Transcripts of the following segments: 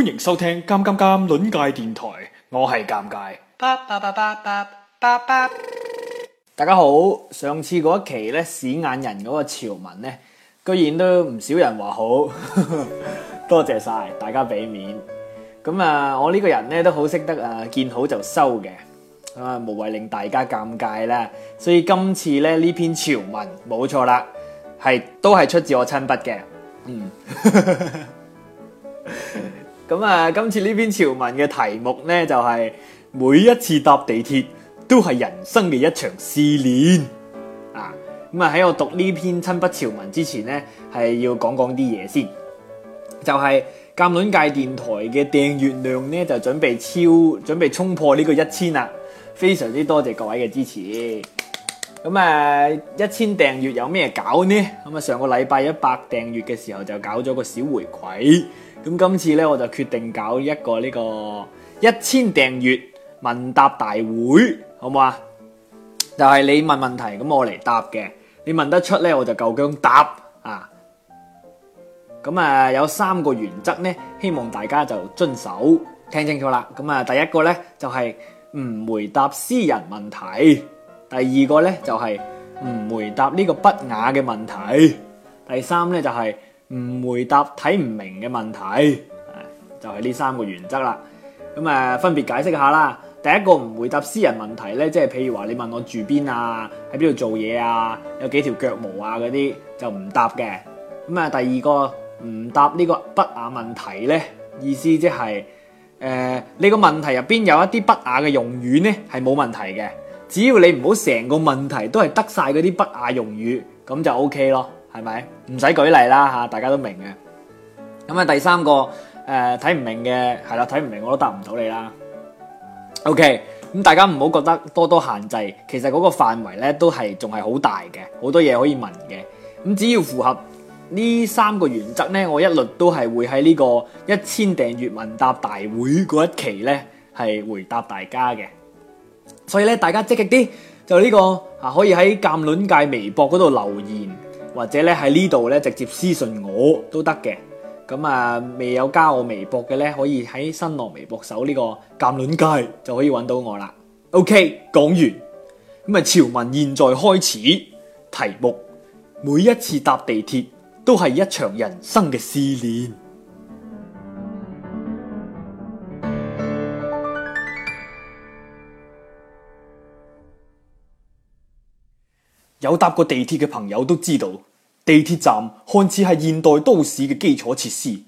歡迎收聽《尷尷尷》尷界電台，我係尷尬。大家好，上次嗰一期咧屎眼人嗰個潮文咧，居然都唔少人話好， 多謝晒大家俾面。咁啊，我呢個人咧都好識得啊，見好就收嘅啊，無謂令大家尷尬啦。所以今次咧呢這篇潮文，冇錯啦，係都係出自我親筆嘅。嗯。 咁啊，今次呢篇潮文嘅題目呢，就係每一次搭地鐵都係人生嘅一場試煉啊！咁啊，喺我讀呢篇親筆潮文之前呢，係要講講啲嘢先。就係鑒論界電台嘅訂閱量呢，就準備超，準備衝破呢個一千啦！非常之多謝各位嘅支持。咁啊，一千訂閱有咩搞呢？咁啊，上個禮拜一百訂閱嘅時候就搞咗個小回饋。咁今次咧，我就決定搞一個呢個一千訂閱問答大會，好唔好啊？就係你問問題，咁我嚟答嘅。你問得出咧，我就夠姜答啊！咁啊，有三個原則咧，希望大家就遵守。聽清楚啦！咁啊，第一個咧就係唔回答私人問題；第二個咧就係唔回答呢個不雅嘅問題；第三咧就係。唔回答睇唔明嘅問題，就係呢三個原則啦。咁誒分別解釋下啦。第一個唔回答私人問題咧，即係譬如話你問我住邊啊，喺邊度做嘢啊，有幾條腳毛啊，嗰啲就唔答嘅。咁啊，第二個唔答呢個不雅問題咧，意思即係誒你個問題入邊有一啲不雅嘅用語咧，係冇問題嘅，只要你唔好成個問題都係得晒嗰啲不雅用語，咁就 OK 咯。係咪唔使舉例啦嚇？大家都明嘅咁啊。第三個誒睇唔明嘅係啦，睇唔明我都答唔到你啦。OK，咁大家唔好覺得多多限制，其實嗰個範圍咧都係仲係好大嘅，好多嘢可以問嘅。咁只要符合呢三個原則咧，我一律都係會喺呢個一千訂閱問答大會嗰一期咧係回答大家嘅。所以咧，大家積極啲，就呢個啊，可以喺鑑論界微博嗰度留言。或者咧喺呢度咧直接私信我都得嘅，咁、嗯、啊未有加我微博嘅咧，可以喺新浪微博搜呢、這個鑑卵街就可以揾到我啦。OK，講完咁啊，潮文現在開始題目，每一次搭地鐵都係一場人生嘅試煉。有搭過地鐵嘅朋友都知道，地鐵站看似係現代都市嘅基礎設施，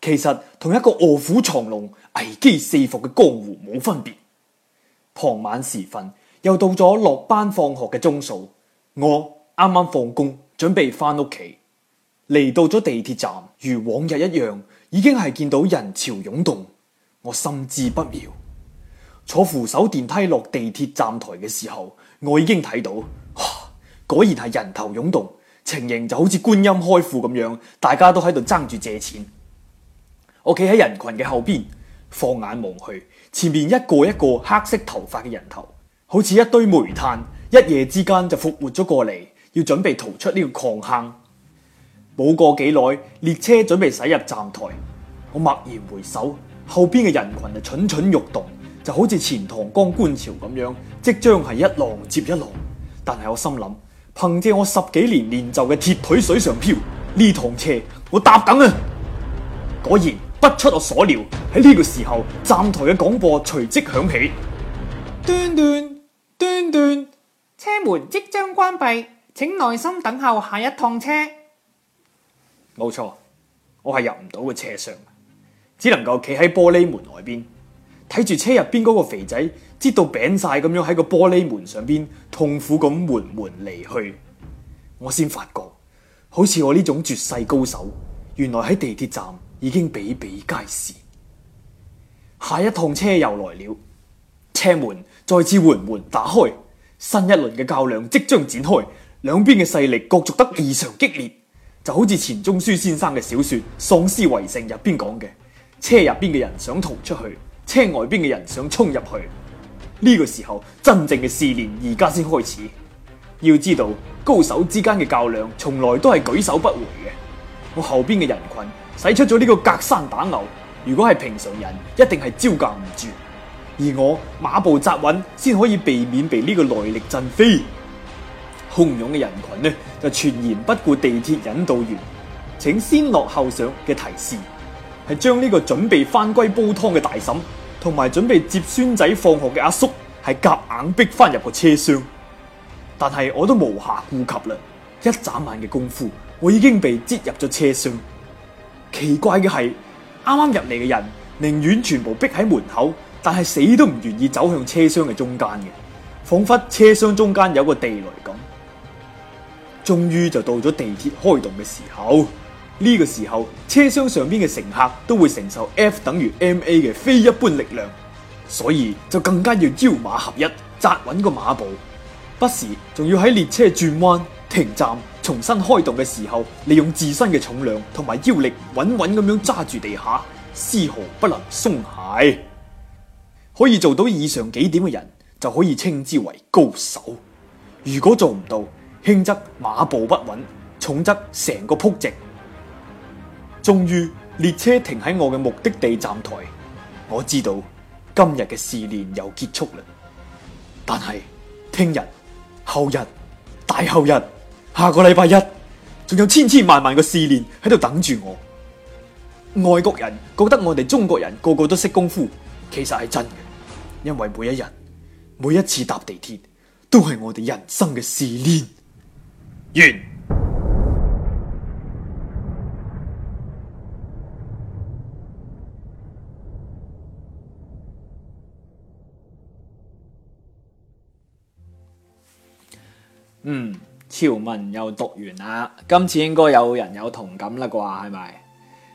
其實同一個臥虎藏龍、危機四伏嘅江湖冇分別。傍晚時分，又到咗落班放學嘅鐘數，我啱啱放工，準備返屋企，嚟到咗地鐵站，如往日一樣，已經係見到人潮湧動，我心知不妙。坐扶手電梯落地鐵站台嘅時候，我已經睇到。果然係人頭湧動，情形就好似觀音開庫咁樣，大家都喺度爭住借錢。我企喺人群嘅後邊，放眼望去，前面一個一個黑色頭髮嘅人頭，好似一堆煤炭，一夜之間就復活咗過嚟，要準備逃出呢個礦坑。冇過幾耐，列車準備駛入站台，我默然回首，後邊嘅人群係蠢蠢欲動，就好似錢塘江觀潮咁樣，即將係一浪接一浪。但係我心諗。憑借我十幾年練就嘅鐵腿水上漂，呢趟車我搭緊啊！果然不出我所料，喺呢個時候站台嘅廣播隨即響起：，斷斷斷斷，車門即將關閉，請耐心等候下一趟車。冇錯，我係入唔到個車上，只能夠企喺玻璃門外邊。睇住車入邊嗰個肥仔，擠到餅晒咁樣喺個玻璃門上邊痛苦咁緩緩離去。我先發覺，好似我呢種絕世高手，原來喺地鐵站已經比比皆是。下一趟車又來了，車門再次緩緩打開，新一輪嘅較量即將展開，兩邊嘅勢力角逐得異常激烈，就好似錢鍾書先生嘅小說《喪屍圍城》入邊講嘅，車入邊嘅人想逃出去。車外邊嘅人想衝入去，呢個時候真正嘅試煉而家先開始。要知道高手之間嘅較量從來都係舉手不回嘅。我後邊嘅人群使出咗呢個隔山打牛，如果係平常人一定係招架唔住，而我馬步紮穩先可以避免被呢個內力震飛。洶湧嘅人群呢就全然不顧地鐵引導員，請先落後上嘅提示。係將呢個準備翻歸煲湯嘅大嬸同埋準備接孫仔放學嘅阿叔係夾硬逼翻入個車廂，但係我都無暇顧及啦。一眨眼嘅功夫，我已經被擠入咗車廂。奇怪嘅係，啱啱入嚟嘅人寧願全部逼喺門口，但係死都唔願意走向車廂嘅中間嘅，仿佛車廂中間有個地雷咁。終於就到咗地鐵開動嘅時候。呢個時候，車廂上邊嘅乘客都會承受 F 等於 ma 嘅非一般力量，所以就更加要腰馬合一，紮穩個馬步，不時仲要喺列車轉彎、停站、重新開動嘅時候，利用自身嘅重量同埋腰力穩穩咁樣揸住地下，絲毫不能鬆懈。可以做到以上幾點嘅人就可以稱之為高手。如果做唔到，輕則馬步不穩，重則成個撲直。終於，列車停喺我嘅目的地站台。我知道今日嘅試練又結束啦，但係聽日、後日、大後日、下個禮拜一，仲有千千萬萬嘅試練喺度等住我。外國人覺得我哋中國人個個都識功夫，其實係真嘅，因為每一日、每一次搭地鐵，都係我哋人生嘅試練。完。嗯，潮文又讀完啦，今次應該有人有同感啦啩，係咪？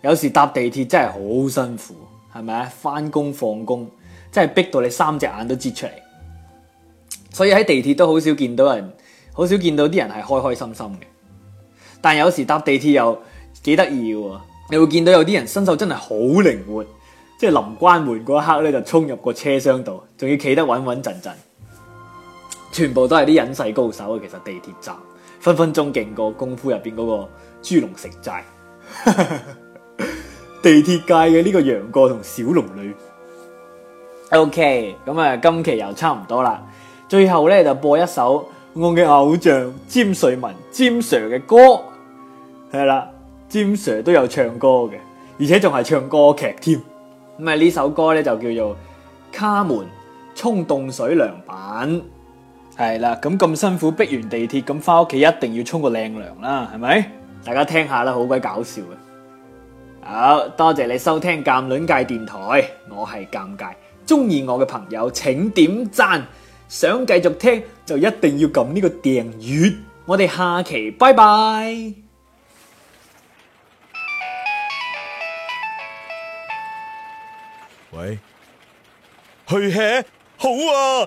有時搭地鐵真係好辛苦，係咪啊？翻工放工真係逼到你三隻眼都擠出嚟，所以喺地鐵都好少見到人，好少見到啲人係開開心心嘅。但有時搭地鐵又幾得意嘅，你會見到有啲人身手真係好靈活，即係臨關門嗰一刻咧就衝入個車廂度，仲要企得穩穩陣陣。全部都係啲隱世高手啊！其實地鐵站分分鐘勁過功夫入邊嗰個豬籠城寨， 地鐵界嘅呢個楊過同小龍女。OK，咁啊，今期又差唔多啦。最後咧就播一首我嘅偶像詹瑞文詹 Sir 嘅歌，係啦，詹 Sir 都有唱歌嘅，而且仲係唱歌劇添。咁啊，呢首歌咧就叫做《卡門》，沖凍水涼板。係啦，咁咁辛苦逼完地鐵，咁翻屋企一定要沖個靚涼啦，係咪？大家聽下啦，好鬼搞笑嘅。好多謝你收聽《鑑論界電台》，我係鑑界，中意我嘅朋友請點讚，想繼續聽就一定要撳呢個訂閱。我哋下期拜拜。喂，去 hea 好啊！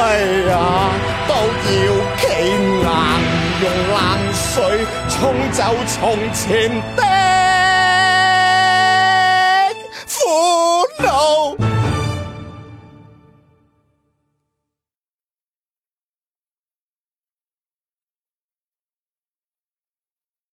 哎呀，都要企硬，用冷水沖走從前的。